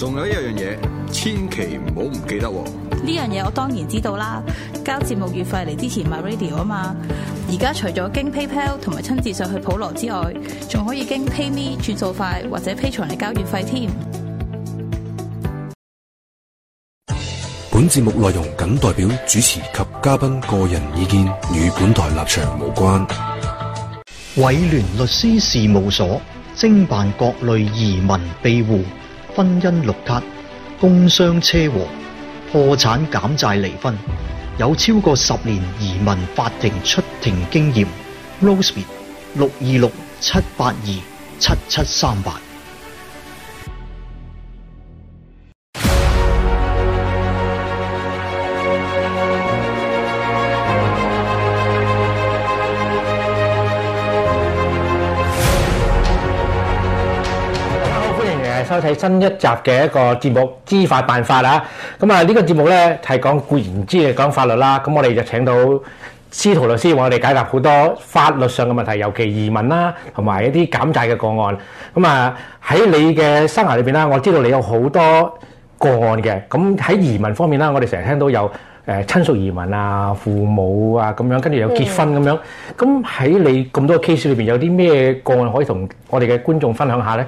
仲有一樣嘢，千祈唔好唔記得，哦。呢樣嘢我當然知道啦，交節目月費嚟支持 My Radio 啊嘛。而家除咗經 PayPal 同埋親自上去普羅之外，仲可以經 PayMe 轉數快或者 Patreon 嚟交月費添。本節目內容僅代表主持及嘉賓個人意見，與本台立場無關。偉聯律師事務所，精辦各類移民庇護。婚姻綠卡、工傷車禍，破產減債，離婚，有超過十年移民法庭出庭經驗 Rosie 六二六七八二七七三八。Roseby, 收睇新一集嘅一個節目《知法辦法》啊！咁啊，呢個節目呢係講固然之係講法律啦。咁我哋就請到司徒律師為我哋解答好多法律上嘅問題，尤其移民啦，同埋一啲減債嘅個案。咁啊，喺你嘅生涯裏邊啦，我知道你有好多個案嘅。咁喺移民方面啦，我哋成日聽到有誒親屬移民啊、父母啊咁樣，跟住有結婚咁樣。咁喺你咁多 case 裏邊，有啲咩個案可以同我哋嘅觀眾分享下呢？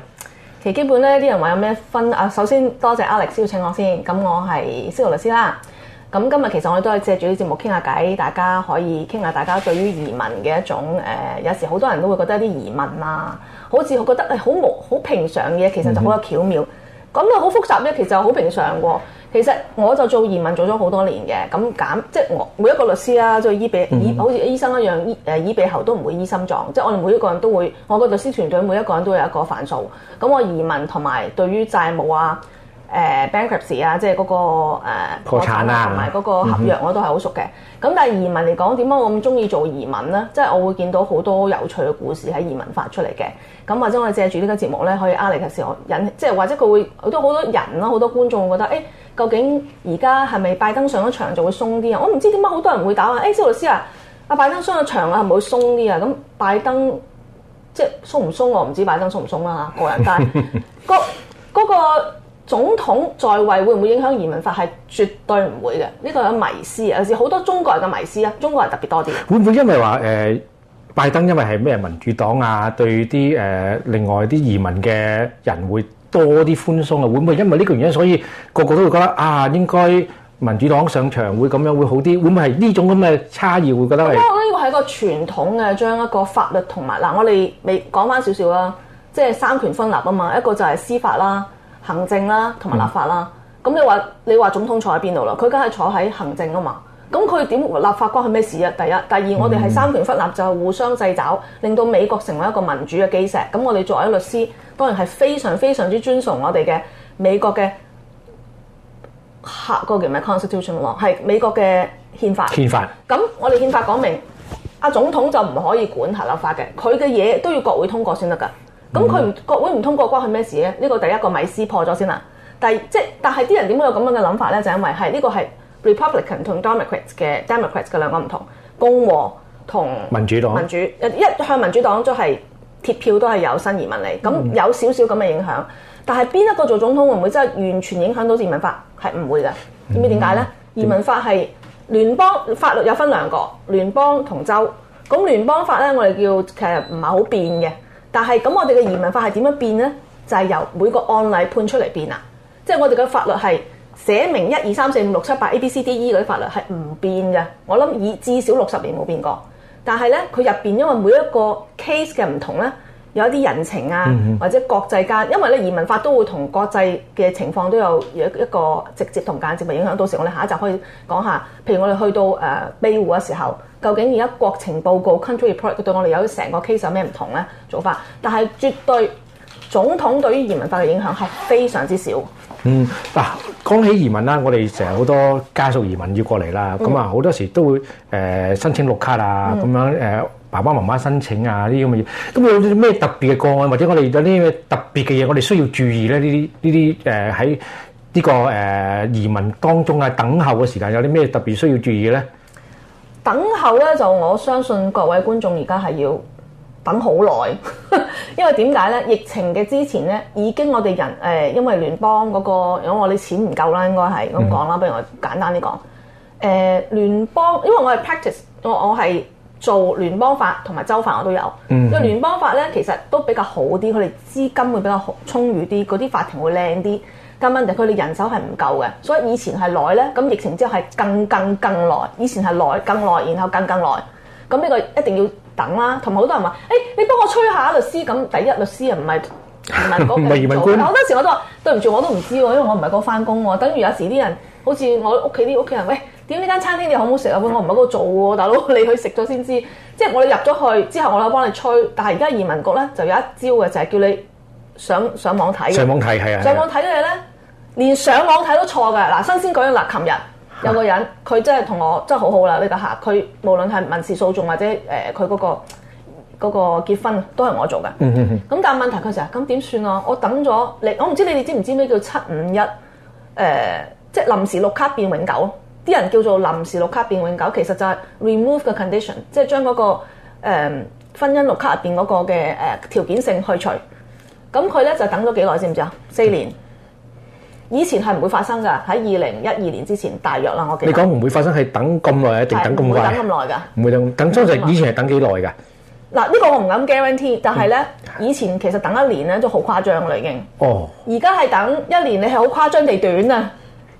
其實基本咧，啲人話有咩分啊？首先多謝，謝 Alex 邀請我先，咁我係司徒律師啦。咁今日其實我哋都係借住呢節節目傾下偈，大家可以傾下大家對於移民嘅一種誒、呃。有時好多人都會覺得一啲移民啊，好似覺得誒好無好平常嘅嘢，其實就好有巧妙。嗯咁啊，好複雜咧，其實好平常喎。其實我就做移民做咗好多年嘅，咁減即係我每一個律師啊，即係醫鼻好似醫生一樣，醫誒醫鼻喉都唔會醫心臟。即係我哋每一個人都會，我個律師團隊每一個人都有一個犯數。咁我移民同埋對於債務啊。誒、uh, bankruptcy 啊、那個，即係嗰個誒破產啦，同埋嗰個合約我都係好熟嘅。咁、嗯、但係移民嚟講，點解我咁中意做移民咧？即、就、係、是、我會見到好多有趣嘅故事喺移民發出嚟嘅。咁或者我哋借住呢個節目咧，可以啱嚟嘅時候引起，即係或者佢會很多好多人咯、啊，好多觀眾覺得誒、欸，究竟而家係咪拜登上咗場就會鬆啲啊？我唔知點解好多人會打啊！誒、欸，司徒律師啊，阿拜登上咗場啊，係咪會鬆啲啊？咁拜登即係鬆唔鬆我唔知，拜登鬆唔鬆啦、啊、嚇個人，但係、 那個總統在位會唔會影響移民法係絕對唔會嘅，呢個有迷思啊，有時好多中國人嘅迷思啊，中國人特別多啲。會唔會因為話誒、呃、拜登因為係咩民主黨啊，對啲誒、呃、另外啲移民嘅人會多啲寬鬆啊？會唔會因為呢個原因，所以個個都會覺得啊，應該民主黨上場會咁樣會好啲？會唔會係呢種咁嘅差異會覺得？我覺得呢個係一個傳統嘅將一個法律同埋嗱，我哋未講翻少少啦，即係三權分立啊嘛，一個就係司法啦。行政啦，同埋立法啦。咁、嗯、你話你話總統坐喺邊度啦？佢梗係坐喺行政啊嘛。咁佢點立法關佢咩事啊？第一，第二，我哋係三權分立，就係互相掣肘，令到美國成為一個民主嘅基石。咁我哋作為律師，當然係非常非常之尊崇我哋嘅美國嘅合、嗰個叫咩 Constitution 喎，係美國嘅憲法。憲法。咁我哋憲法講明，阿、啊、總統就唔可以管下立法嘅，佢嘅嘢都要國會通過先得噶。咁佢唔國會唔通過關佢咩事咧？呢、這個第一個米絲破咗先啦。但係即係，但係啲人點解有咁樣嘅諗法咧？就因為係呢、這個係 Republican 同 Democrat 嘅 Democrat 嘅兩個唔同，共和同民主黨。民主，一向民主黨、就係、都係鐵票，都係有新移民嚟。咁有少少咁嘅影響、嗯。但係邊一個做總統會唔會真係完全影響到移民法？係唔會嘅。知唔知點解咧？移民法係聯邦法，法律有分兩個聯邦同州。咁聯邦法咧，我哋叫其實唔係好變嘅。但係咁，我哋嘅移民法係點樣變咧？就係、是、由每個案例判出嚟變啦。即係我哋嘅法律係寫明一二三四五六七八 A B C D E 嘅法律係唔變嘅。我諗已至少六十年冇變過。但係咧，佢入面因為每一個 case 嘅唔同咧。有一啲人情啊，或者國際間，因為咧移民法都會同國際嘅情況都有一個直接同間接嘅影響。到時我哋下一集可以講下，譬如我哋去到誒庇護嘅時候，究竟而家國情報告 country report 對我哋有成個 case 有咩唔同呢做法？但係絕對總統對於移民法嘅影響係非常之少。嗯，嗱、嗯啊、講起移民啦，我哋成日好多家屬移民要過嚟啦，咁啊好多時都會、呃、申請綠卡啊咁樣、嗯爸爸媽媽申請啊這些東西，呢啲咁嘅嘢，咁有啲咩特別嘅個案，或者我哋有啲咩特別嘅嘢，我哋需要注意咧？呢啲呢啲誒喺呢個誒、呃、移民當中啊，等候嘅時間有啲咩特別需要注意嘅咧？等候咧，就我相信各位觀眾而家係要等好耐， 因為點解咧？疫情嘅之前咧，已經我哋人誒、呃，因為聯邦嗰、嗰個，如果我哋錢唔夠啦，應該係咁講啦，不如我簡單啲講誒聯邦，因為我係 practice，我我係。做聯邦法同埋州法我都有，嗯、因為聯邦法咧其實都比較好啲，佢哋資金會比較充裕啲，嗰啲法庭會靚啲。但問題佢哋人手係唔夠嘅，所以以前係耐咧，咁疫情之後係更更更耐，以前係耐更耐，然後更然後更耐。咁呢個一定要等啦。同埋好多人話，誒、哎，你幫我催下律師。咁第一律師啊，唔係唔係嗰個。問官好多時我都話：對唔住，我都唔知喎，因為我唔係嗰個翻工喎。等於有時啲人好似我屋企啲屋企人，喂。點呢間餐廳你可不可吃不？你好唔好食啊？我唔喺嗰度做喎，大佬你去食咗先知。即係我哋入咗去之後，我咧幫你吹。但係而家移民局咧就有一招嘅，就係叫你上上網睇上網睇係啊！上網睇嘅咧，連上網睇都錯嘅嗱。新鮮舉例嗱，琴日有個人佢真係同我真係好好啦呢個客。佢無論係民事訴訟或者誒佢嗰個嗰、嗰個、結婚都係我做嘅。嗯嗯咁但係問題佢成日咁點算啊？我等咗你，我唔知你哋知唔知咩叫七五一誒，即係臨時綠卡變永久。啲人叫做臨時綠卡變永久，其實就係 remove the condition，即係將嗰、那個、嗯、婚姻綠卡入邊嗰個嘅誒、呃、條件性去除。咁佢咧就等咗幾耐知唔知啊？四年。以前係唔會發生噶，喺二零一二年之前大約啦，我記得。你講唔會發生係等咁耐啊？定等咁快？等咁耐㗎。唔會等咁等，相對以前係等幾耐㗎？嗱，呢個我唔敢 guarantee，但係咧、嗯，以前其實等一年咧都好誇張嚟嘅已經。哦。而家係等一年，你係好誇張地短啊！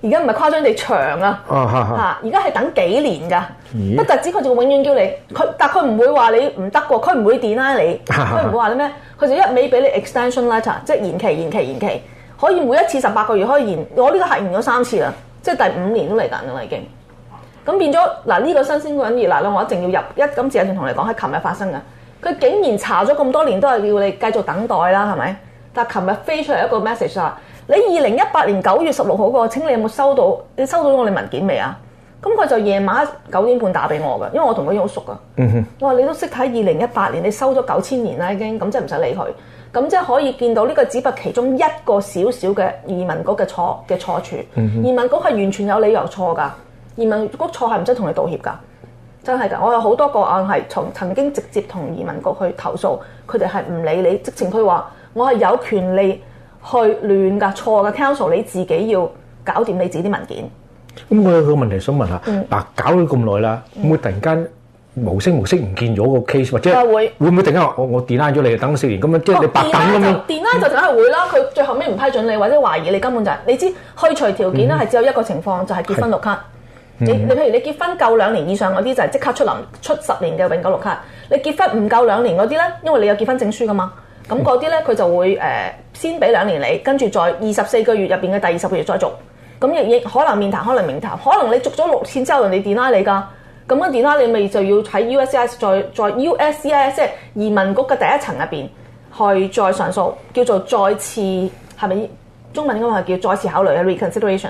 而家唔係誇張地長啊，嚇、啊！而家係等幾年㗎、啊，不特止佢就永遠叫你，佢但佢唔會話你唔得㗎，佢唔會 deny 你，佢、啊、唔會話你咩，佢就一味俾你 extension letter，即係延，延期、延期、延期，可以每一次十八個月可以延，我呢個客延咗三次啦，即係第五年都嚟緊啦已經。咁變咗嗱呢個新鮮滾熱辣嗱，我一定要入一今次有仲同你講喺琴日發生㗎，佢竟然查咗咁多年都係要你繼續等待啦，係咪？但係琴日飛出嚟一個 message 話。你二零一八年九月十六號個請你有冇收到？你收到我哋文件未啊？咁佢就夜晚九點半打俾我㗎，因為我同佢好熟啊。我、mm-hmm. 話你都識睇二零一八年，你收咗九千年啦，已經咁即係唔使理佢。咁即係可以見到呢個只不過其中一個小小嘅移民局嘅錯嘅錯處。Mm-hmm. 移民局係完全有理由錯噶，移民局錯係唔使同你道歉噶，真係噶。我有好多個案係從曾經直接同移民局去投訴，佢哋係唔理你，直情佢話我係有權利。去亂㗎錯㗎 counsel 你自己要搞掂你自己啲文件。咁我有個問題想問下，嗱搞咗咁耐啦，會突然間無聲無息唔見咗個 case、嗯、或者會唔會，會突然間我我 deny 咗你，等四年，咁樣即係你白等咁樣 deny 就梗係會啦，佢、嗯、最後尾唔批准你，或者懷疑你根本就係、是、你知去除條件咧，係只有一個情況、嗯、就係、是、結婚綠卡。嗯、你你譬如你結婚夠兩年以上嗰啲就係即刻出臨出十年嘅永久綠卡。你結婚唔夠兩年嗰啲咧，因為你有結婚證書㗎嘛。咁嗰啲咧，佢就會、呃、先俾兩年你，跟住再二十四個月入面嘅第二十個月再續，咁亦亦可能面談，可能面談，可能你續咗六千之後，人哋 deny 你㗎，咁樣 deny 你咪就要喺 USIS 再再 USCIS 即係移民局嘅第一層入面去再上訴，叫做再次係咪？中文應該係叫再次考慮嘅 reconsideration。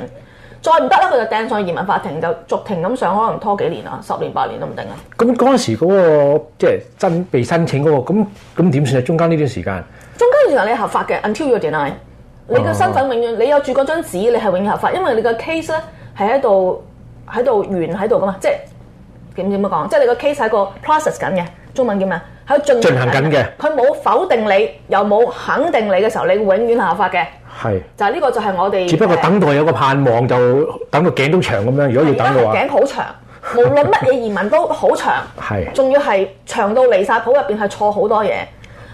再唔得咧，佢就掟上移民法庭，就逐庭咁上，可能拖幾年啊，十年八年都唔定啊。咁嗰陣時嗰個即係真被申請嗰個，咁咁點算啊？中間呢段時間，中間仍然你係合法嘅，until you deny，你嘅身份永遠、哦、你有住嗰張紙，你係永遠合法，因為你個 case 咧係喺度喺度完喺度㗎嘛，即係點點樣講？即係你個 case 喺個 process 緊嘅，中文叫咩？喺進行緊嘅，佢冇否定你，又冇肯定你嘅時候，你永遠合法嘅。係就係呢個就係我哋。只不過等待有個盼望，就等個頸都長咁樣。如果要等到，話，頸好長， 無論乜嘢移民都好長。係仲要係長到離晒譜入面，係錯好多嘢。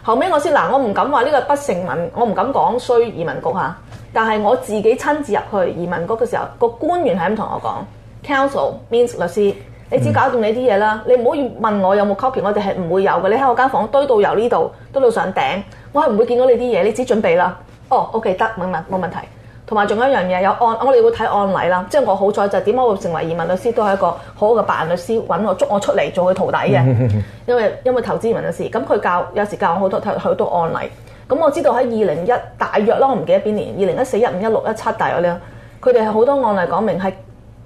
後尾我先嗱，我唔敢話呢個不成文，我唔敢講衰移民局下。但係我自己親自入去移民局嘅時候，個官員係咁同我講，counsel means 律師。你只搞掂你啲嘢啦，你唔好要問我有冇 copy，我哋係唔會有嘅。你喺我間房堆到由呢度堆到上頂，我係唔會見到你啲嘢。你只準備啦。哦，OK 得，冇問，冇問題。同埋仲有一樣嘢，有案，我哋會睇案例啦。即係我好彩就點解會成為移民律師，都係一個好好嘅白人律師揾我捉我出嚟做佢徒弟嘅。因為因為投資移民律師，咁佢教有時教我好多好多案例。咁我知道喺二零一，大約啦，我唔記得邊年，二零一四一五一六一七大約咧。佢哋係好多案例講明係。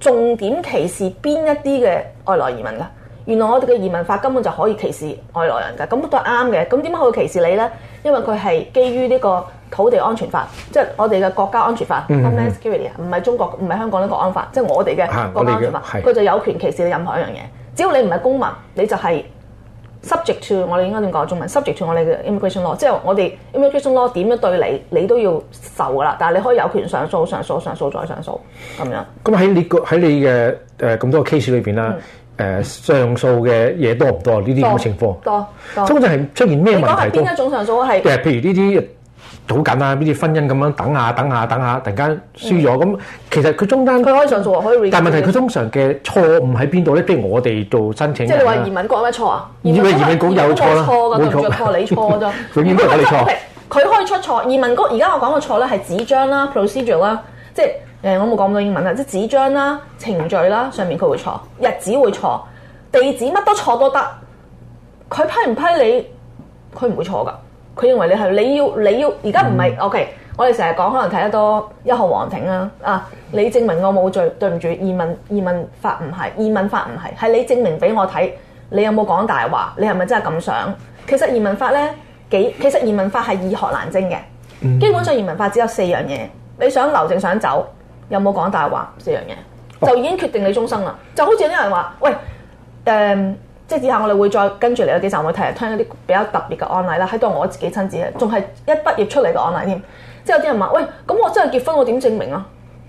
重點歧視邊一啲嘅外來移民㗎？原來我哋嘅移民法根本就可以歧視外來人㗎，咁都係啱嘅。咁點解會歧視你咧？因為佢係基於呢個土地安全法，即、就、係、是、我哋嘅國家安全法 n a t i o n a s 唔係中國，唔係香港呢國安法，即、就、係、是、我哋嘅國家安全法，佢就有權歧視你任何一樣嘢。只要你唔係公民，你就係、是。subject to 我哋應該點講中文 subject to 我哋嘅 immigration law，即係我哋 immigration law 點樣對你，你都要受噶啦。但係你可以有權上訴，上訴，上訴再上訴咁樣。咁喺你個喺你嘅誒咁多 case 裏邊啦，誒、嗯、上訴嘅嘢多唔多？呢啲咁嘅情況多多，通常係出現咩問題？邊一種上訴係？誒，譬如呢啲。賭緊啦，呢啲婚姻咁樣等下等下等下，突然間輸咗咁，其實佢中間佢可以上訴可以 re-。但係問題佢通常嘅錯誤喺邊度咧？即係我哋做申請、啊，即係你話移民局有咩錯啊？移民局有錯啦，冇錯，錯你錯啫。永遠都係你錯。佢可以出錯，移民局而家我講嘅錯咧係紙張啦、procedure 啦，即係誒，我冇講到英文啦，即係紙張啦、程序啦，上面佢會錯，日子會錯，地址乜都錯都得。佢批唔批你，佢唔會錯噶。佢認為你係你要你要而家唔係 OK，我哋成日講可能睇得多《一號皇庭》啊啊！你證明我冇罪，對唔住，移民移民法唔係移民法唔係，係你證明俾我睇你有冇講大話，你係咪真係咁想？其實移民法咧幾其實移民法係易學難精嘅、嗯，基本上移民法只有四樣嘢，你想留定想走，有冇講大話，四樣嘢就已經決定你終生啦、哦。就好似有人話，喂，uh, 即係以下我哋會再跟住嚟嗰幾集會聽，聽一啲比較特別嘅案例啦。喺度我自己親自，仲係一畢業出嚟嘅案例添。即係有啲人話：喂，咁我真係結婚，我點證明啊？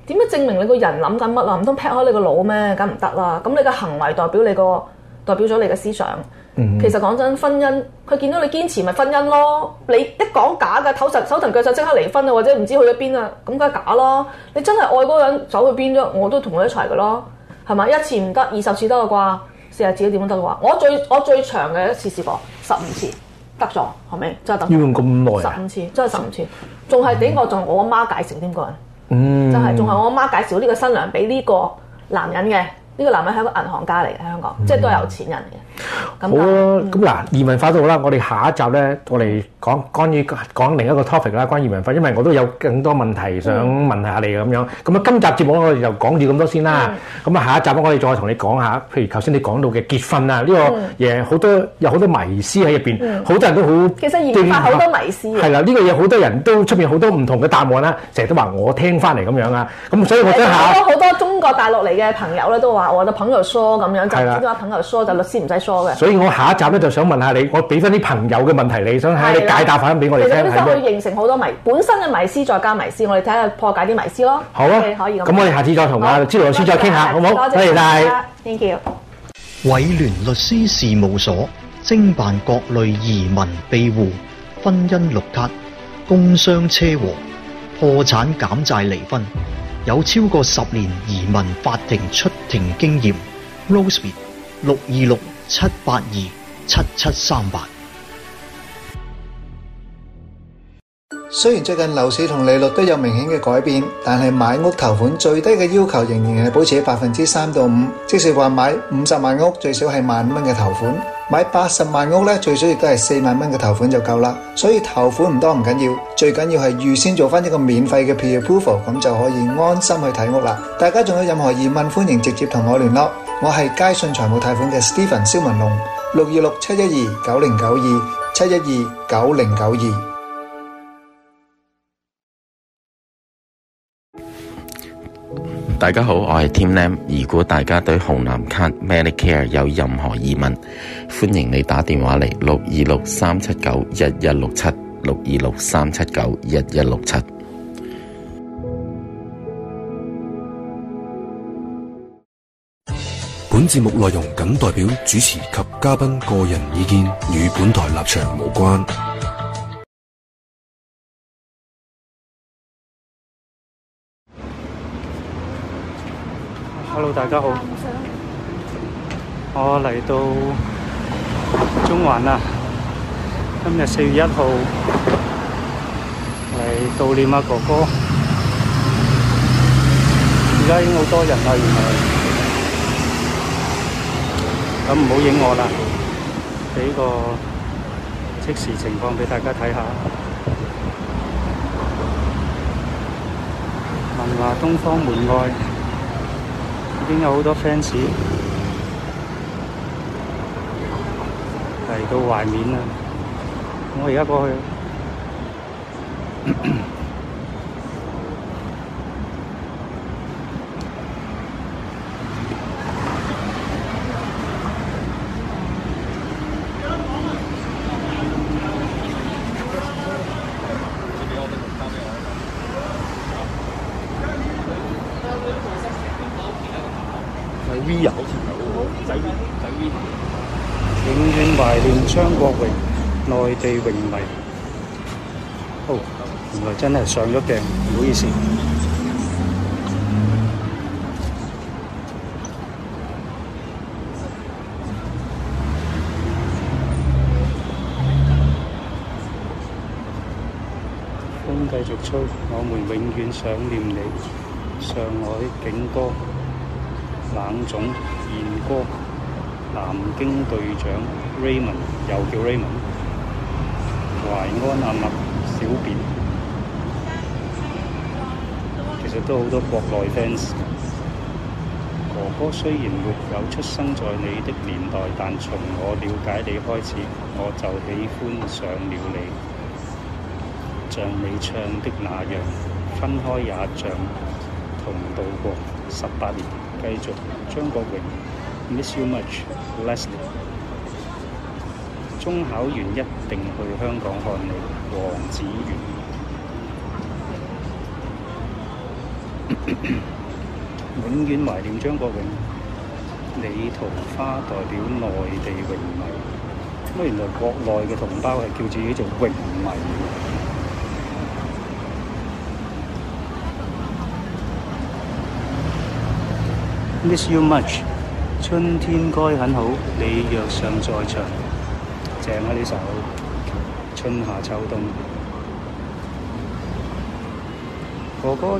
點樣證明你個人諗緊乜啊？唔通劈開你個腦咩？咁唔得啦。咁你嘅行為代表你個，代表咗你嘅思想。嗯嗯其實講真，婚姻佢見到你堅持咪婚姻咯。你一講假嘅，手騰手騰腳就即刻離婚啊，或者唔知去咗邊啊，咁梗係假咯。你真係愛嗰個人，走去邊咗，我都同佢一齊噶咯。係嘛？一次唔得，二十次得啊啩？試下自己點樣得嘅話，我最我最長嘅一次試過十五次得咗，係咪真係得？要用咁耐十五次真係十五次，仲係點？我仲、嗯、我阿媽介紹添個人，嗯，真係仲係我阿媽介紹呢個新娘俾呢個男人嘅，呢、呢個男人係一個銀行家嚟嘅喺香港，嗯、即係都係有錢人嚟嘅。好啦，咁嗱移民法都好啦，我哋下一集咧，我哋講關於講另一個 topic 啦，關於移民法，因為我都有更多問題想問下你咁樣。咁啊，今集節目我哋就講住咁多先啦。咁啊，下一集我哋再同你講下，譬如頭先你講到嘅結婚啊，呢個嘢好多有好多迷思喺入邊，好多人都好，其實移民法好多迷思。係啦，呢個嘢好多人都出邊好多唔同嘅答案啦，成日都話我聽翻嚟咁樣啊。咁所以我都好多好多中國大陸嚟嘅朋友咧都話我嘅朋友疏咁樣就，呢個朋友疏就律師唔使。所以，我下一集咧就想問一下你，我俾翻啲朋友嘅問題，你想睇下你解答翻俾我哋聽，係咩？你就會形成好多謎，本身嘅迷思，再加迷思。我哋睇下破解啲迷思咯。好啊，okay, 可以咁。咁我哋下次再同阿朱老師再傾下，下好唔好？多謝晒。Thank you。偉聯律師事務所，精辦各類移民庇護、婚姻綠卡、工商車禍、破產減債、離婚，有超過十年移民法庭出庭經驗。Roseby 六二六。七八二七七三八。雖然最近樓市同利率都有明顯嘅改變，但係買屋頭款最低嘅要求仍然係保持喺百分之三到五。即使話買五十萬屋最少係萬五蚊嘅頭款，買八十萬屋咧最少亦都係四萬蚊嘅頭款就夠啦。所以頭款唔多唔緊要，最緊要係預先做翻一個免費嘅 pre approval，咁就可以安心去睇屋啦。大家仲有任何疑問，歡迎直接同我聯絡。我係佳信財務貸款嘅 Stephen 肖文龍，六二六七一二九零九二七一二九零九二。大家好，我係 Tim Lam。如果大家對紅藍卡 Medicare 有任何疑問，歡迎你打電話嚟，六二六三七九一一六七，六二六三七九一一六七。本節目內容僅代表主持及嘉賓個人意見，與本台立場無關。Hello，大家好，我嚟到中環啦，今日四月一號嚟悼念阿哥哥，而家已經好多人啦，原來。咁唔好影我啦，畀個即時情況畀大家睇下。文華東方門外已經有好多 fans 嚟到懷緬啦，我而家過去。 真係上咗鏡，唔好意思。風、嗯、繼續吹，我們永遠想念你，上海警歌，冷總，燕哥，南京隊長 Raymond，又叫 Raymond，淮安阿麥，小便。亦都好多國內 fans。哥哥雖然沒有出生在你的年代，但從我了解你開始，我就喜歡上了你。像你唱的那樣，分開也像同道過十八年。繼續，張國榮，Miss You Much l e s l i n 中考完一定去香港看你。王子元。永遠懷念張國榮，李桃花代表內地榮迷。咁啊，原來國內嘅同胞係叫自己做榮迷。Miss you much，春天該很好，你若尚在場，正啊，呢首春夏秋冬，哥哥。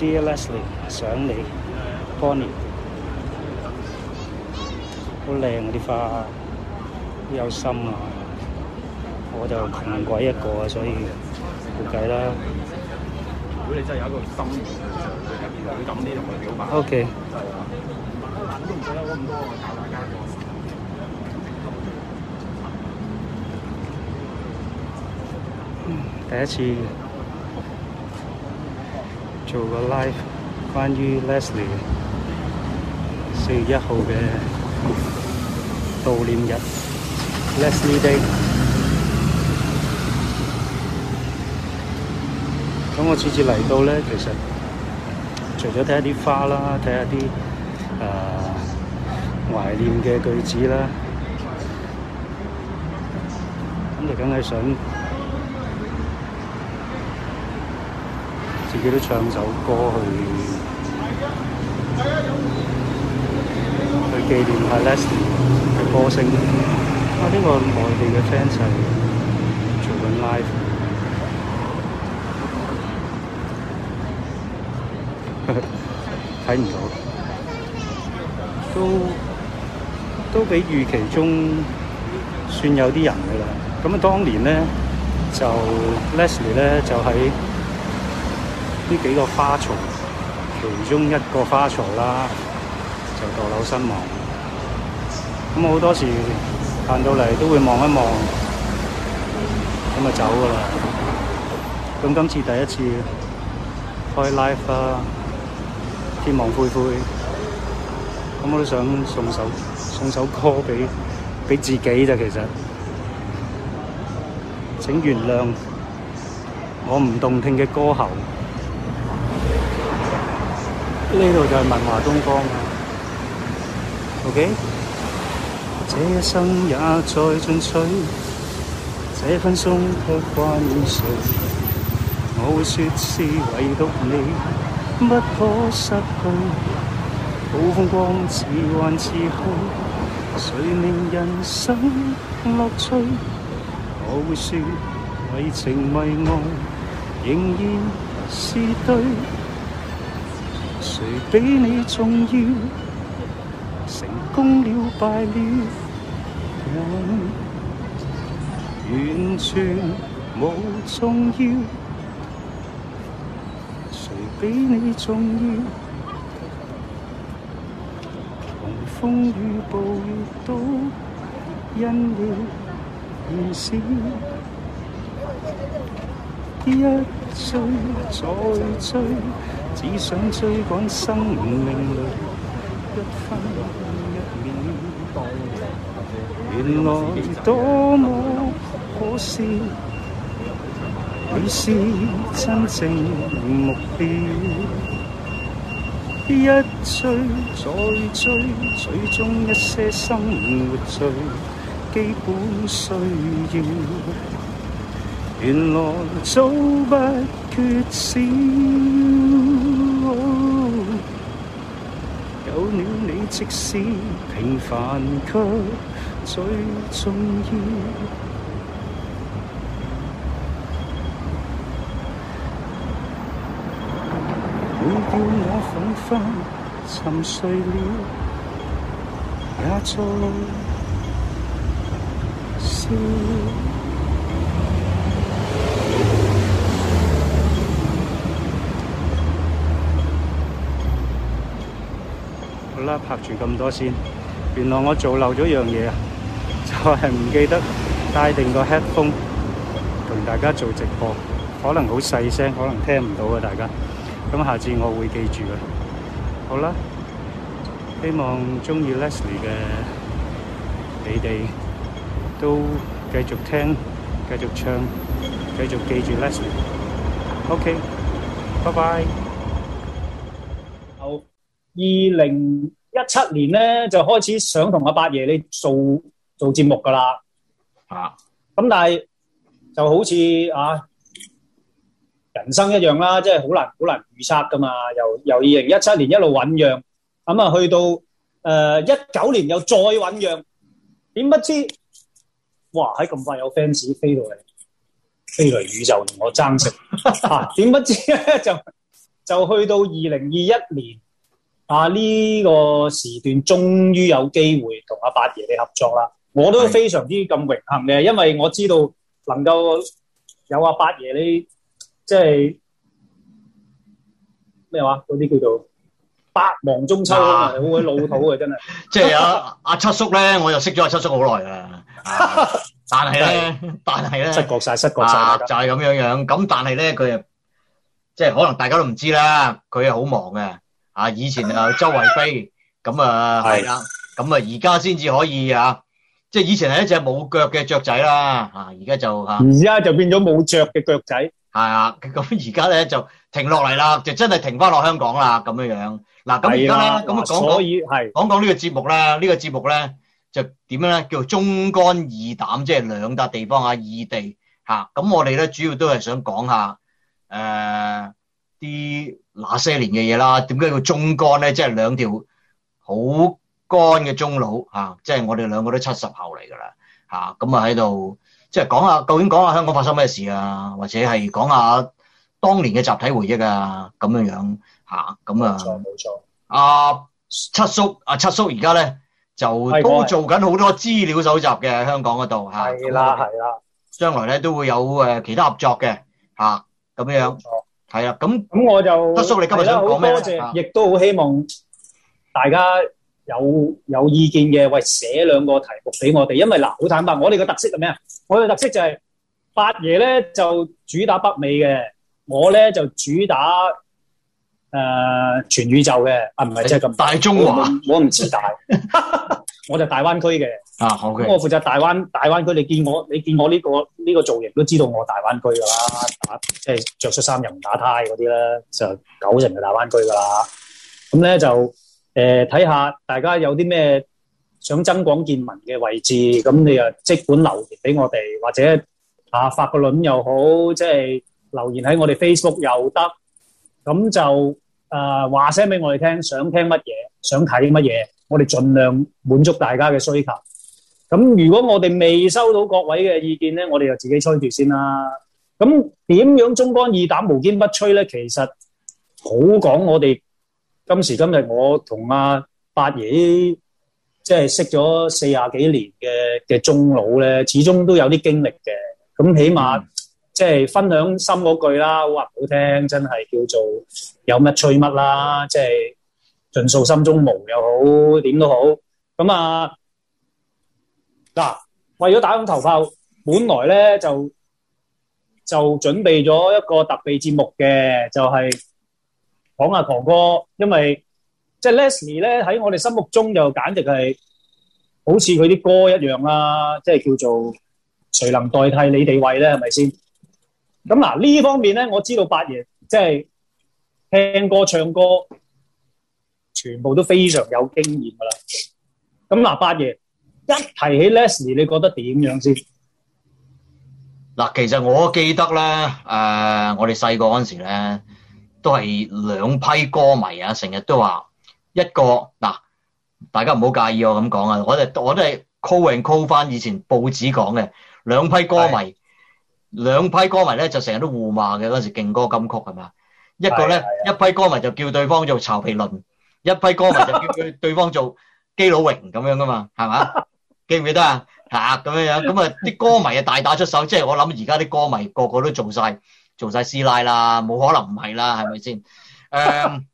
Dear Leslie，想你，Bonnie，好靚嗰啲花，好有心啊！我就窮鬼一個啊，所以冇計啦。如果你真係有一個心儀嘅，就去揀女揼啲同佢表白。OK。嗯，第一次。做個 live，關於 Leslie 四月一號嘅悼念日 Leslie Day。咁我次次嚟到咧，其實除咗睇下啲花啦，睇下啲誒懷念嘅句子啦，咁就梗係想，自己都唱首歌去去紀念下 Leslie 嘅歌聲。啊！呢個內地嘅 fans 係做緊 live，睇唔到，都都比預期中算有啲人嘅啦。咁啊，當年咧就 Leslie 咧就喺。呢幾個花槽，其中一個花槽啦，就墮樓身亡。咁好多時行到嚟都會望一望，咁啊走噶啦。咁今次第一次開 live 啦，啊，天網恢恢，咁我都想送首送首歌畀畀自己咋。其實。請原諒我唔動聽嘅歌喉。呢度就係文華東方啦，OK？這一生也在進取，這分鐘卻掛念誰？我會說是唯獨你不可失去。好風光似幻似虛，誰明人生樂趣？我會說為情為愛仍然是對。誰比你重要？成功了，敗了人，我完全無重要。誰比你重要？狂風雨暴雨都因你而消，一追再追。只想追趕生命裏一分一秒，原來多麼可笑，你是真正目標。一追再追，最終一些生活最基本需要，原來早不缺少有了你，即使平凡卻最重要。每秒 我仿佛沉睡了，也在 笑。好啦，拍住咁多先，原來我做漏咗樣嘢啊，就係唔記得帶定個 headphone 同大家做直播，可能好細聲，可能聽唔到啊大家，咁下次我會記住嘅。好啦，希望中意 Leslie 嘅你哋都繼續聽、繼續唱、繼續記住 Leslie。OK，拜拜。二零一七年咧就開始想同阿八爺你做做節目噶啦，吓、啊、咁但係就好似啊人生一樣啦，即係好難好難預測噶嘛。由由二零一七年一路醞釀，咁、嗯、啊去到誒一九年又再醞釀，點不知哇喺咁快有 fans 飛到嚟，飛嚟宇宙同我爭食，點、啊、不知就就去到二零二一年。啊！呢、這個時段終於有機會同阿八爺你合作啦，我都非常之咁榮幸嘅，因為我知道能夠有阿八爺呢，即係咩話嗰啲叫做百忙中秋啊，好鬼老土嘅真係。即係阿阿七叔咧，我又識咗阿七叔好耐啦， 但係咧，但係咧，失覺晒，失覺曬、啊，就係咁樣樣。咁但係咧，佢又即係可能大家都唔知啦，佢係好忙嘅。啊！以前啊，周圍飛咁啊，係啦，咁啊，而家先至可以，以啊，即係以前係一隻冇腳嘅雀仔啦，啊，而家就啊，而家就變咗冇雀嘅雀仔，係啊，咁而家咧就停落嚟啦，就真係停翻落香港啦，咁樣樣。嗱，咁而家咁講講，講講呢個節目咧，呢、呢個節目咧就點樣咧？叫做忠肝義膽，即、就、係、是、兩笪地方啊，異地嚇。咁我哋咧主要都係想講下誒。呃啲那些年嘅嘢啦，點解叫中幹咧？即係兩條好幹嘅中老啊！即係我哋兩個都七十後嚟噶啦嚇，咁啊喺度即係講下，究竟講下香港發生咩事啊？或者係講下當年嘅集體回憶啊？咁樣樣嚇，咁啊，冇錯冇錯，阿七叔，阿七叔而家咧就都做緊好多資料搜集嘅香港嗰度嚇，係啦係啦。將來咧都會有誒其他合作嘅嚇，咁樣。係啊，咁咁我就，七叔，你今日想講咩？亦、啊、都好希望大家有有意見嘅，喂，寫兩個題目俾我哋。因為嗱，好坦白，我哋個特色係咩啊？我哋特色就係、是、八爺咧就主打北美嘅，我咧就主打誒、呃、全宇宙嘅。啊，唔係即係咁大中華，我唔似大。 我就係大灣區嘅，咁、啊、我負責大灣大灣區。你見我，你見我呢、呢個呢、呢個造型都知道我大灣區噶啦，即係著出衫又唔打呔嗰啲啦，就九成係大灣區噶啦。咁咧就誒睇下大家有啲咩想增廣見聞嘅位置，咁你啊即管留言俾我哋，或者啊發個論又好，即、就、係、是、留言喺我哋 Facebook 又得。咁就誒話聲俾我哋聽什麼，想聽乜嘢，想睇乜嘢。我哋儘量滿足大家嘅需求。咁如果我哋未收到各位嘅意見咧，我哋就自己吹住先啦。咁點樣忠肝義膽無堅不摧咧？其實好講，我哋今時今日我同阿八爺即係、就是、識咗四十幾年嘅嘅中老咧，始終都有啲經歷嘅。咁起碼即係、就是、分享心嗰句啦，好話唔好聽，真係叫做有乜吹乜啦，即、就、係、是。盡數心中無又好，點都好咁啊！嗱，為咗打響頭炮，本來咧就就準備咗一個特別節目嘅，就係講下哥哥，因為即係 Leslie 咧喺我哋心目中就簡直係好似佢啲歌一樣啦，即係叫做誰能代替你地位咧，係咪先？咁嗱呢方面咧，我知道八爺即係聽歌、唱歌。全部都非常有經驗噶啦。咁嗱，八爺一提起 Les，你覺得點樣先？嗱，其實我記得咧，誒、呃，我哋細個嗰陣時咧，都係兩批歌迷啊，成日都話一個嗱，大家唔好介意我咁講啊，我哋我都係 call and call 翻以前報紙講嘅兩批歌迷，兩批歌迷咧就成日都互罵嘅嗰陣時，勁歌金曲，係咪？一個咧一批歌迷就叫對方做巢皮倫。一批歌迷就叫佢對方做基佬榮咁樣噶嘛，係嘛？記唔記得啊？嚇咁樣樣咁啊！啲歌迷啊大打出手，即係我諗而家啲歌迷個個都做曬做曬師奶啦，冇可能唔係啦，係咪先？誒，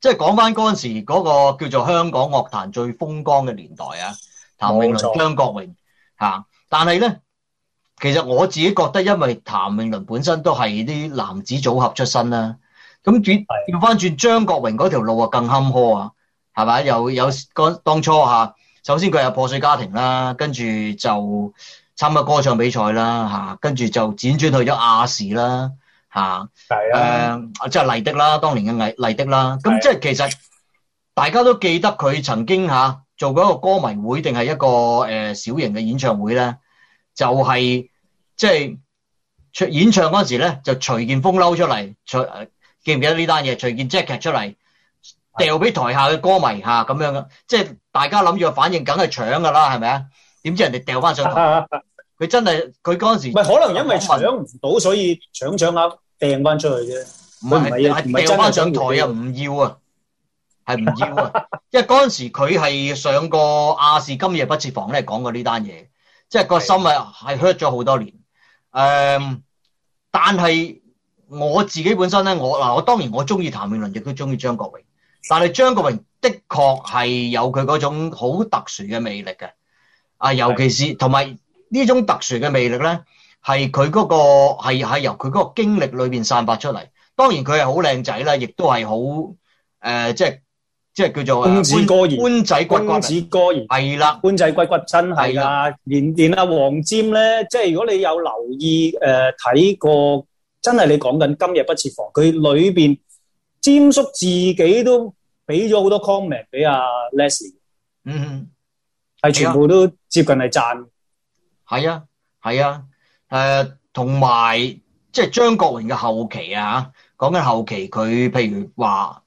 即係講翻嗰陣時嗰個叫做香港樂壇最風光嘅年代啊，譚詠麟、張國榮嚇。但係咧，其實我自己覺得，因為譚詠麟本身都係啲男子組合出身啦。咁轉調翻轉張國榮嗰條路啊，更坎坷啊，係咪？又有，有當初吓，首先佢有破碎家庭啦，跟住就參加歌唱比賽啦，吓，跟住、呃、就輾轉去咗亞視啦，吓，啊，誒，即係麗的啦，當年嘅藝麗的啦。咁即係其實大家都記得佢曾經吓、啊、做過一個歌迷會，定係一個誒、呃、小型嘅演唱會咧，就係即係演唱嗰時咧，就徐劍鋒嬲出嚟，記唔記得呢單嘢？隨件即 a 劇出嚟，掉俾台下嘅歌迷吓，咁樣嘅，即係大家諗住反應，梗係搶噶啦，係咪啊？點知人哋掉翻上台？佢 真係佢嗰陣時，唔係可能因為搶唔到， 所以搶搶下掟翻出去啫。唔係唔係，掉翻上台啊？唔要啊？係唔要啊？ 因為嗰陣時佢係上過亞視《今夜不設防》咧，講過呢單嘢，即係個心啊，係 hurt 咗好多年。誒、嗯，但係。我自己本身咧，我嗱我當然我中意譚詠麟，亦都中意張國榮，但係張國榮的確係有佢嗰種好特殊嘅魅力嘅，啊，尤其是同埋呢種特殊嘅魅力咧，係佢嗰個係由佢嗰個經歷裏邊散發出嚟。當然佢係好靚仔啦，亦都係好誒，即係即係叫做公子哥兒官仔骨骨，公子哥兒係啦，官仔骨骨真係啊。連連阿黃霑咧，即係如果你有留意誒睇、呃、過。真係，你講緊今日不設防，佢裏面詹叔自己都俾咗好多 comment 俾阿 Leslie，嗯，嗯，係全部都接近係讚。係啊，係啊，誒，同埋即係張國榮嘅後期啊，講緊後期佢譬如話。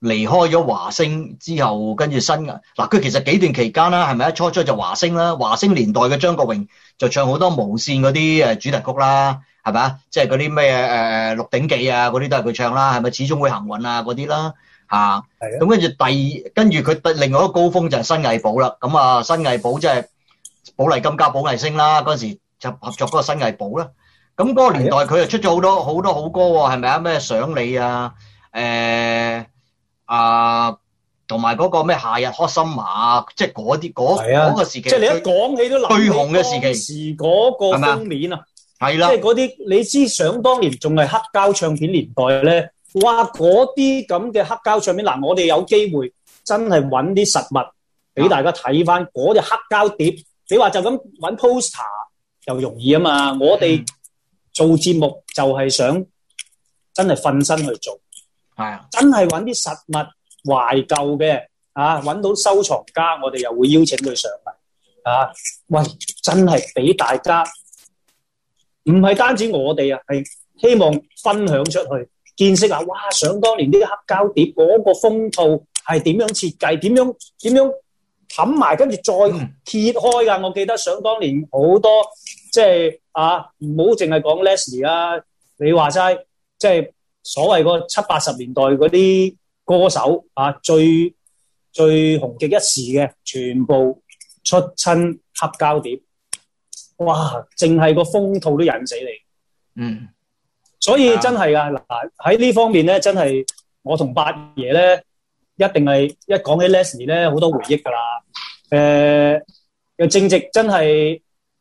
離開咗華星之後，跟住新嘅嗱，佢其實幾段期間啦，係咪？初初就華星啦，華星年代嘅張國榮就唱好多無線嗰啲誒主題曲啦，係咪啊？即係嗰啲咩誒《鹿鼎記》啊，嗰啲都係佢唱啦，係咪？始終會行運啊嗰啲啦，吓，係咁跟住第二，跟住佢第另外一個高峰就係新藝寶啦。咁啊，新藝寶即係寶麗金加寶藝星啦，嗰時就合作嗰個新藝寶啦。咁嗰個年代佢又出咗好多好多好歌喎，係咪啊？咩想你啊，誒。呃、啊，同埋嗰個咩夏日開心 a 啊，即係嗰啲嗰嗰個時期，即係你一講起都諗起最紅嘅時期，嗰個封面啊，係啦，即係嗰啲你知，想當年仲係黑膠唱片年代咧，哇！嗰啲咁嘅黑膠唱片，嗱，我哋有機會真係揾啲實物俾大家睇翻嗰隻黑膠碟，你話就咁揾 poster 又容易啊嘛，我哋做節目就係想真係瞓身去做。係啊，真係揾啲實物懷舊嘅，啊揾到收藏家，我哋又會邀請佢上嚟，啊喂，真係俾大家，唔係單止我哋啊，係希望分享出去，見識下，哇！想當年呢啲黑膠碟嗰個封套係點樣設計，點樣點樣冚埋，跟住再揭開噶，我記得想當年好多，即係啊，唔好淨係講 Leslie 啊，你話齋，即係。所謂嗰七八十年代嗰啲歌手啊，最最紅極一時嘅，全部出親黑膠碟，哇！淨係個封套都引死你。嗯，所以真係噶，喺、嗯、呢方面咧，真係我同八爺咧，一定係一講起 Leslie 咧，好多回憶噶啦。誒、呃，又正值真係。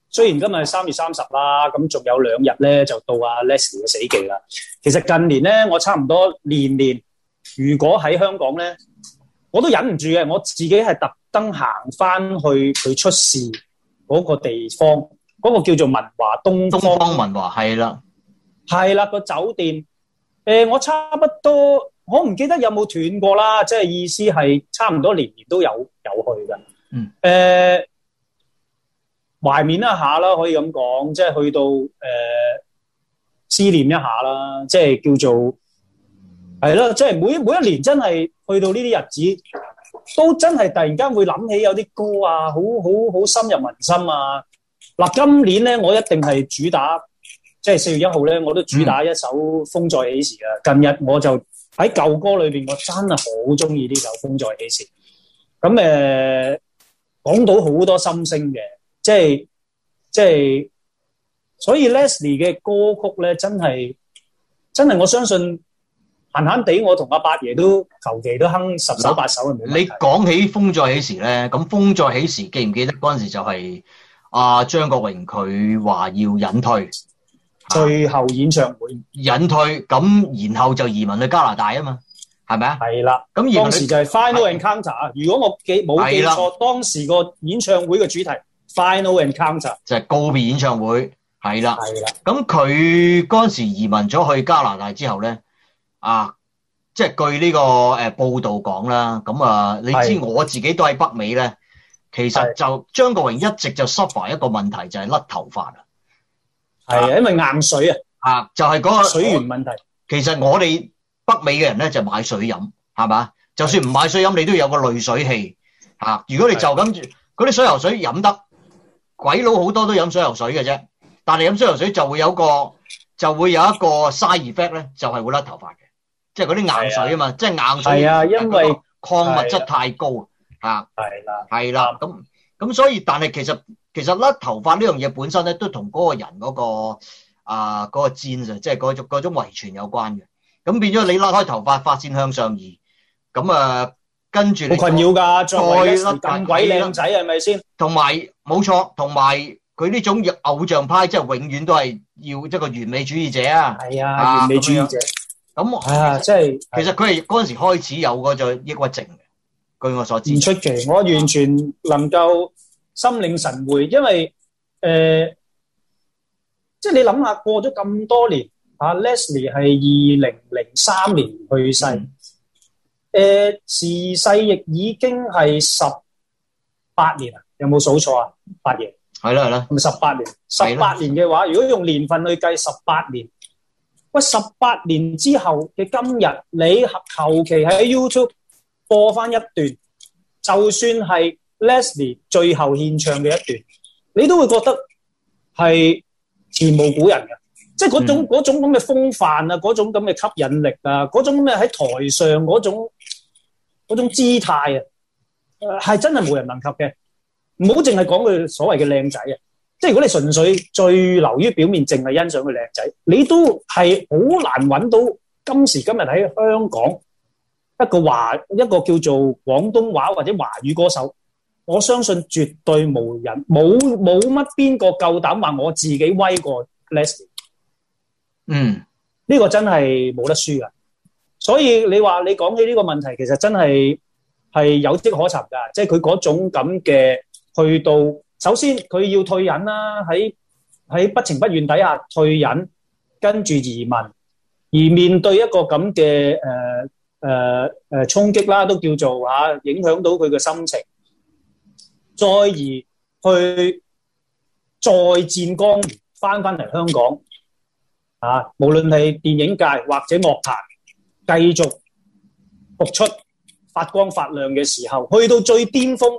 雖然今日係三月三十啦，咁仲有兩日咧就到阿 Leslie 嘅死期啦。其實近年咧，我差唔多年年，如果喺香港咧，我都忍唔住嘅，我自己係特登行翻去佢出事嗰個地方，嗰個叫做文華東方文華係啦，係啦個酒店。誒、呃，我差不多，我唔記得有冇斷過啦，即係意思係差唔多年年都有有去嘅。嗯。誒、呃。懷緬一下啦，可以咁講，即係去到誒、呃、思念一下啦，即係叫做係咯，即係每每一年真係去到呢啲日子，都真係突然間會諗起有啲歌啊，好好好深入民心啊！嗱、啊，今年咧，我一定係主打，即係四月一號咧，我都主打一首《風再起時》啊、嗯！近日我就喺舊歌裏邊，我真係好中意呢首《風再起時》。咁誒、呃，講到好多心聲嘅。即係即係，所以 Leslie 嘅歌曲咧，真係真係，我相信閒閒地，我同阿八爺都求其都哼十首八首。你講起風再起時咧，咁風再起時記唔記得嗰陣時就係、是、阿、啊、張國榮佢話要隱退，最後演唱會隱、啊、退，咁然後就移民去加拿大啊嘛，係咪啊？係啦，咁當時就係 Final Encounter 啊！如果我記冇記錯，當時個演唱會嘅主題。Final encounter 就係告別演唱會，係啦，係啦。咁佢嗰時移民咗去加拿大之後咧，啊，即係據呢個誒報道講啦。咁啊，你知我自己都喺北美咧，其實就張國榮一直就 suffer 一個問題，就係甩頭髮啊，係啊，因為硬水啊，啊就係嗰個水源問題。其實我哋北美嘅人咧就買水飲，係嘛？就算唔買水飲，你都要有個濾水器啊。如果你就咁住嗰啲水喉水飲得。鬼佬好多都飲水游水嘅啫，但係飲水游水就會有個就會有一個 side effect 咧，就係會甩頭髮嘅，即係嗰啲硬水啊嘛，即係硬水啊，因為、那個、礦物質太高係啦，係啦、啊，咁咁、啊啊啊啊啊啊、所以，但係其實其實甩頭髮呢樣嘢本身咧，都同嗰個人嗰、嗰個啊嗰、嗰個 genes 即係嗰種嗰種遺傳有關嘅，咁變咗你甩開頭髮髮線向上移，咁啊～、呃跟住你困擾噶，再甩咁鬼靚仔係咪先？同埋冇錯，同埋佢呢種要偶像派，即係永遠都係要一個完美主義者啊！係啊，完美主義者。咁啊，即係其實佢係嗰陣時開始有個就抑鬱症嘅，據我所知。唔出奇，我完全能夠心領神會，因為誒，即係你諗下過咗咁多年，阿 Leslie 係二零零三年去世。誒、呃，時勢亦已經係十八年啊，有冇數錯啊？八爺，係啦係啦，咪十八年？十八年嘅話的，如果用年份去計十八年，喂，十八年之後嘅今日，你求其喺 YouTube 播翻一段，就算係 Leslie 最後獻唱嘅一段，你都會覺得係前無古人嘅，即係嗰種、嗯、嗰種咁嘅風範啊，嗰種咁嘅吸引力啊，嗰種咩喺台上嗰種。嗰種姿態啊，誒係真係冇人能及嘅。唔好淨係講佢所謂嘅靚仔啊，即係如果你純粹最流於表面，淨係欣賞佢靚仔，你都係好難揾到今時今日喺香港一個華一個叫做廣東話或者華語歌手，我相信絕對冇人冇冇乜邊個夠膽話我自己威過 Leslie。嗯，呢、呢個真係冇得輸嘅。所以你話你講起呢個問題，其實真係係有跡可尋㗎，即係佢嗰種咁嘅去到。首先佢要退隱啦，喺喺不情不願底下退隱，跟住移民而面對一個咁嘅誒誒誒衝擊啦，都叫做嚇、啊、影響到佢嘅心情，再而去再戰江湖，翻翻嚟香港啊，無論係電影界或者樂壇。繼續復出發光發亮嘅時候，去到最巔峰，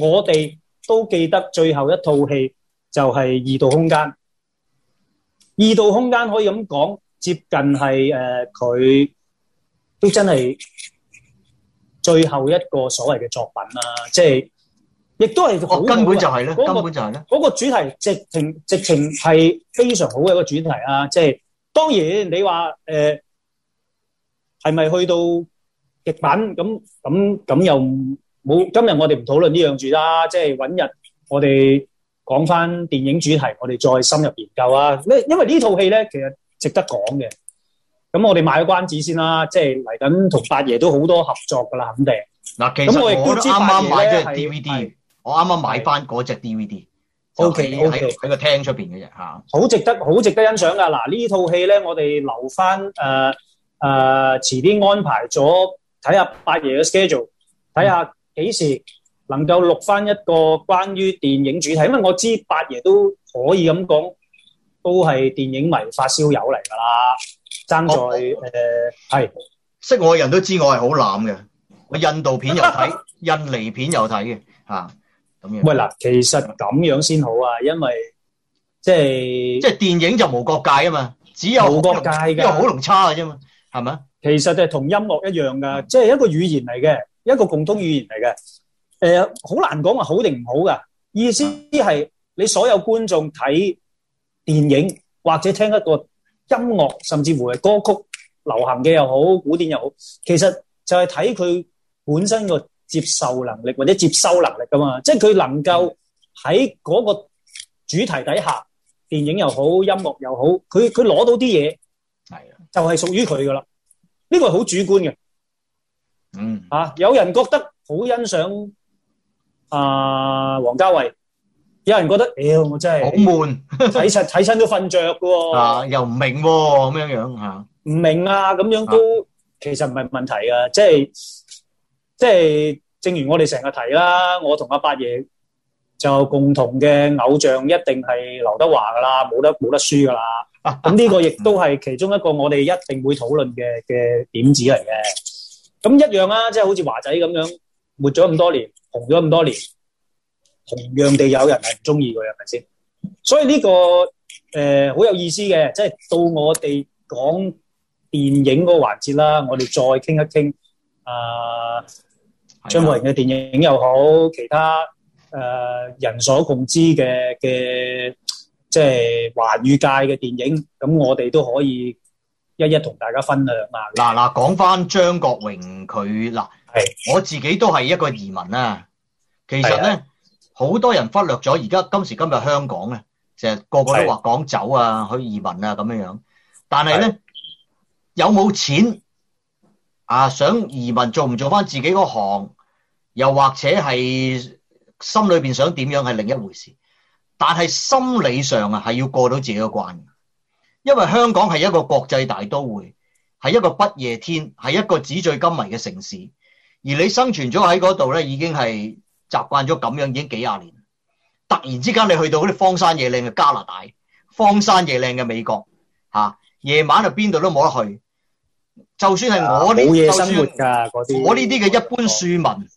我哋都記得最後一套戲就係、是《異度空間》。《異度空間》可以咁講，接近係誒，佢、呃、都真係最後一個所謂嘅作品啦、啊。即係，亦都係好根本就係咧，根本就係咧。嗰個根本就係咧嗰個主題直情直情係非常好嘅一個主題啊！即係，當然你話誒。呃係咪去到極品？咁咁咁又冇？今日我哋唔討論呢樣住啦，即係揾日我哋講翻電影主題，我哋再深入研究啊！因因為這呢套戲咧，其實值得講嘅。咁我哋賣個關子先啦，即係嚟緊同八爺都好多合作噶啦，肯定。嗱，其實那我啱啱買咗 DVD，我啱啱買翻嗰隻 DVD，OK OK 喺個廳出邊嘅人嚇。好值得好值得欣賞噶！嗱、啊，這呢套戲咧，我哋留翻誒。呃誒、呃，遲啲安排咗睇下八爺嘅 schedule，睇下幾時能夠錄翻一個關於電影主題，因為我知八爺都可以咁講，都係電影迷發燒友嚟噶啦。爭在誒係、哦呃、識我嘅人都知我係好濫嘅，我印度片又睇， 印尼片又睇嘅吓咁樣。喂嗱，其實咁樣先好啊，因為即係即係電影就無國界啊嘛，只有無國界嘅，因為好濃差嘅啫嘛。係嘛？其實就係同音樂一樣噶，即係一個語言嚟嘅，一個共通語言嚟嘅。誒，呃，好難講話好定唔好噶。意思啲係你所有觀眾睇電影或者聽一個音樂，甚至乎係歌曲、流行嘅又好、古典又好，其實就係睇佢本身個接受能力或者接收能力噶嘛。即係佢能夠喺嗰個主題底下，電影又好，音樂又好，佢佢攞到啲嘢。就係屬於佢噶啦，呢個係好主觀嘅，嗯啊，有人覺得好欣賞啊王家衛，有人覺得，屌我真係好悶，睇實睇親都瞓着噶喎，啊又唔明咁樣樣吓，唔明啊咁樣都其實唔係問題噶，即係即係，正如我哋成日提啦，我同阿八爺就共同嘅偶像一定係劉德華噶啦，冇得冇得輸噶啦。啊，咁呢個亦都係其中一個我哋一定會討論嘅嘅點子嚟嘅。咁一樣啦、啊，即係好似華仔咁樣活咗咁多年，紅咗咁多年，同樣地有人係唔中意佢，係咪先？所以呢、這個誒好、呃、有意思嘅，即係到我哋講電影嗰個環節啦，我哋再傾一傾啊，張國榮嘅電影又好，其他誒、呃、人所共知嘅嘅。即係華語界嘅電影，咁我哋都可以一一同大家分享。啊！嗱嗱，講翻張國榮佢，嗱，我自己都係一個移民啦、啊。其實咧，好多人忽略咗而家今時今日香港咧，就個個都話講走啊，去移民啊咁樣樣。但係咧，有冇錢啊？想移民做唔做翻自己嗰行，又或者係心裏邊想點樣，係另一回事。但係心理上啊，係要過到自己嘅關，因為香港係一個國際大都會，係一個不夜天，係一個紙醉金迷嘅城市。而你生存咗喺嗰度咧，已經係習慣咗咁樣，已經幾廿年。突然之間你去到嗰啲荒山野嶺嘅加拿大、荒山野嶺嘅美國，吓夜晚啊邊度都冇得去。就算係我呢，夜生活噶我呢啲嘅一般庶民，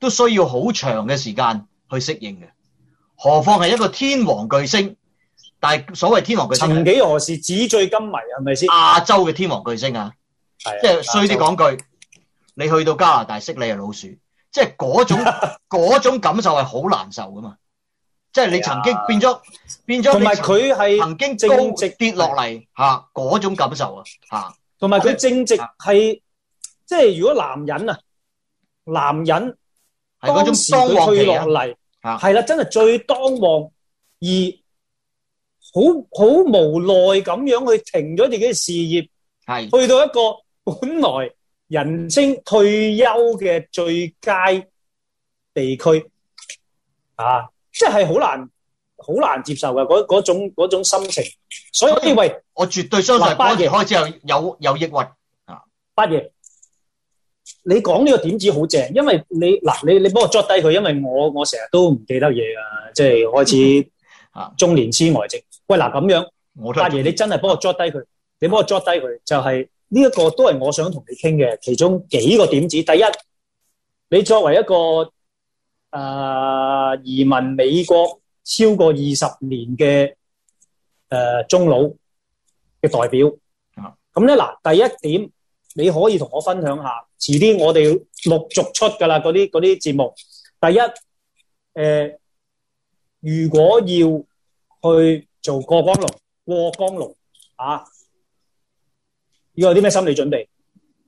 都需要好長嘅時間去適應嘅。何況係一個天王巨星，但係所謂天，天王巨星，曾幾何時紙醉金迷係咪先？亞洲嘅天王巨星啊，即係、就是、衰啲講句，你去到加拿大識你係老鼠，即係嗰種 嗰種感受係好難受噶嘛，即、就、係、是、你曾經變咗、哎、變咗，同埋佢係曾經是正直跌落嚟吓嗰種感受啊吓，同埋佢正值係即係如果男人啊，男人是當當跌落嚟。係啦，真係最當旺，而好好無奈咁樣去停咗自己嘅事業，係去到一個本來人稱退休嘅最佳地區，啊，即係好難好難接受嘅嗰種嗰種心情，所以我喂，我絕對相信嗰期，那個，開始有有抑鬱啊，八爺。你講呢個點子好正，因為你嗱，你你幫我捉低佢，因為我我成日都唔記得嘢啊，即係開始啊中年癡呆症。喂，嗱咁樣，八爺你真係幫我捉低佢，你幫我捉低佢，就係呢一個都係我想同你傾嘅其中幾個點子。第一，你作為一個誒、呃、移民美國超過二十年嘅誒、呃、中老嘅代表啊，咁咧嗱，第一點。你可以同我分享下，遲啲我哋要陸續出噶啦嗰啲嗰啲節目。第一，誒、呃，如果要去做過江龍，過江龍啊，要有啲咩心理準備？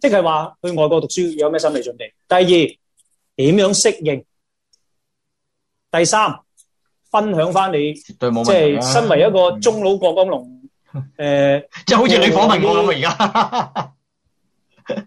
即係話去外國讀書要有咩心理準備？第二點樣適應？第三，分享翻你即係、啊就是、身為一個中老過江龍，誒、嗯，即、呃、係好似你訪問我咁而家。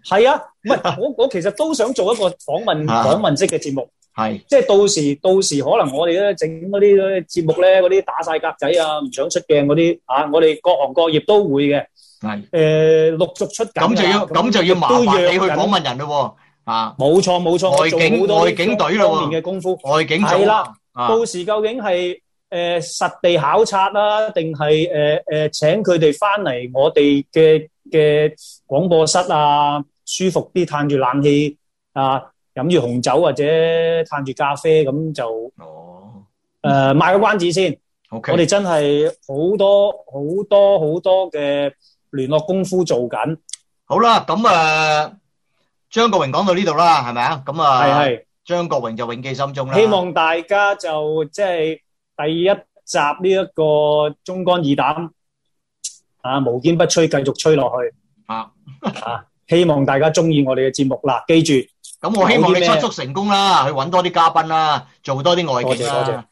係啊，唔係我我其實都想做一個訪問訪問式嘅節目，係即係到時到時可能我哋咧整嗰啲節目咧，嗰啲打晒格仔啊，唔想出鏡嗰啲啊，我哋各行各業都會嘅，係誒陸續出，咁就要咁就要麻煩你去訪問人咯，啊，冇錯冇錯，外景外景隊咯，年嘅功夫外景係啦，到時究竟係誒實地考察啦，定係誒誒請佢哋翻嚟我哋嘅？嘅廣播室啊，舒服啲，嘆住冷氣啊，飲住紅酒或者嘆住咖啡咁就哦，誒賣個關子先。O K，我哋真係好多好多好多嘅聯絡功夫做緊。好啦，咁啊，張國榮講到呢度啦，係咪啊？咁啊，係係，張國榮就永記心中啦。希望大家就即係第一集呢一個忠肝義膽。啊，無堅不摧，繼續吹落去啊！ 啊，希望大家中意我哋嘅節目啦，記住。咁我希望你加速，速成功啦，去搵多啲嘉賓啦，做多啲外景啦。多謝，多謝。